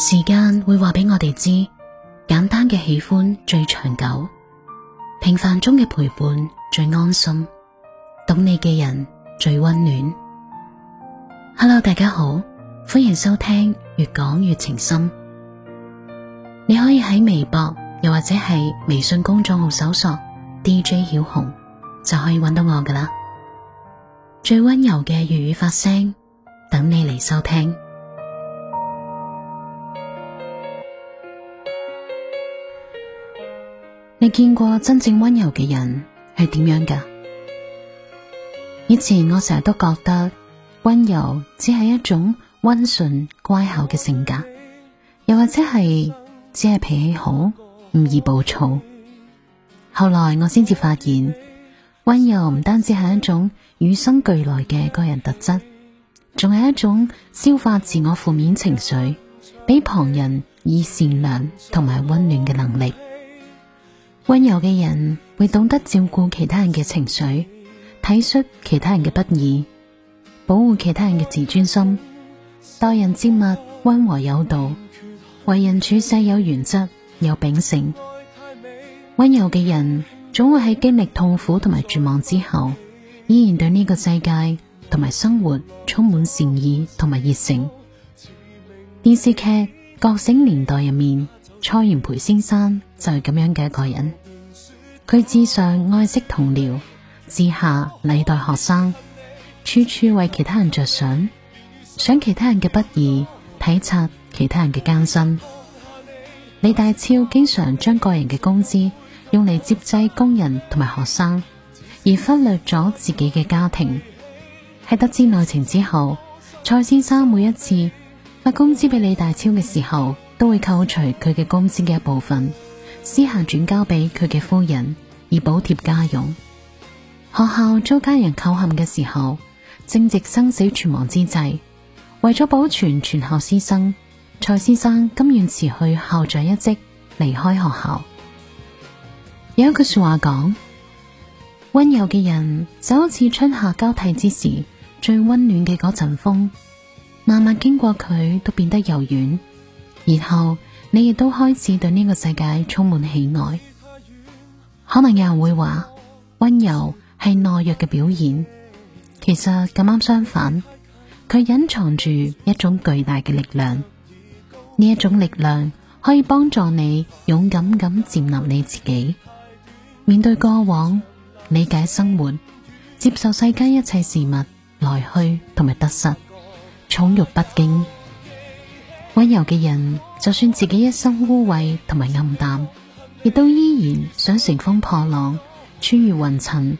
時間會話俾我哋知，簡單嘅喜歡最長久，平凡中嘅陪伴最安心，懂你嘅人最溫暖。Hello，大家好，歡迎收聽《越講越情深》。你可以喺微博又或者係微信公眾號搜索 DJ 曉紅，就可以揾到我噶啦。最温柔嘅粵語發聲，等你嚟收聽。你見過真正温柔嘅人係點樣㗎？以前我成日都覺得温柔只係一種溫順乖巧嘅性格，又或者係只係脾氣好，唔易暴躁。後來我先至發現，温柔唔單止係一種與生俱來嘅個人特質，仲係一種消化自我負面情緒，俾旁人以善良同埋溫暖嘅能力。溫柔嘅人會懂得照顧其他人嘅情緒，體恤其他人嘅不易，保護其他人嘅自尊心，待人接物溫和有度，為人處世有原則有秉性。溫柔嘅人總會喺經歷痛苦同埋絕望之後，依然對呢個世界同埋生活充滿善意同埋熱誠。電視劇《覺醒年代》入面，蔡元培先生就係咁樣嘅一個人。佢至上愛惜同僚，至下禮待學生，處處為其他人着想，想其他人嘅不易，睇察其他人嘅艱辛。李大超經常將個人嘅工資用嚟接濟工人同埋學生，而忽略咗自己嘅家庭。喺得知內情之後，蔡先生每一次發工資俾李大超嘅時候，都會扣除佢嘅工資嘅一部分。私下轉交俾佢嘅夫人，以補貼家用。學校遭家人扣陷嘅時候，正值生死存亡之際，為咗保存全校師生，蔡先生甘願辭去校長一職，離開學校。有一句說話講：温柔嘅人就好似春夏交替之時最温暖嘅嗰陣風，慢慢經過佢都變得柔軟，然後。你亦都開始對呢個世界充滿喜愛，可能有人會話温柔係懦弱嘅表現，其實咁啱相反，佢隱藏住一種巨大嘅力量。呢一種力量可以幫助你勇敢咁接納你自己，面對過往，理解生活，接受世間一切事物來去同埋得失，寵辱不驚。溫柔嘅人，就算自己一生污穢同埋暗淡，亦都依然想乘風破浪，穿越雲塵，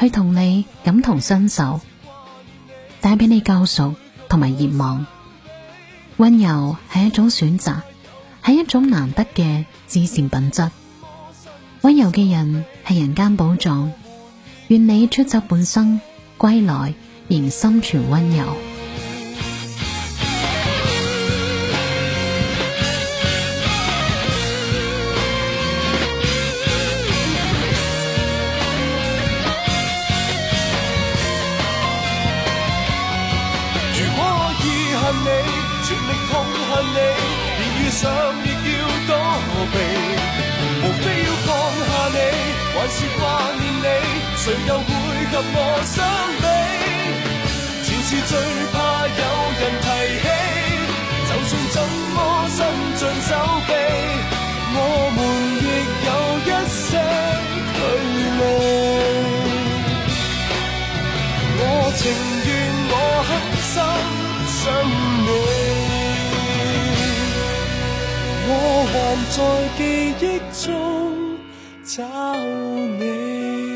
去同你感同身受，帶俾你救贖同埋熱望。溫柔係一種選擇，係一種難得嘅至善品質。溫柔嘅人係人間寶藏。願你出走半生，歸來仍心存溫柔。令痛恨你，連遇上亦要躲避，無非要放下你，還是掛念你，誰又會及我傷悲？前事最怕有人提起，就算怎麼伸盡手。還在記憶中找你。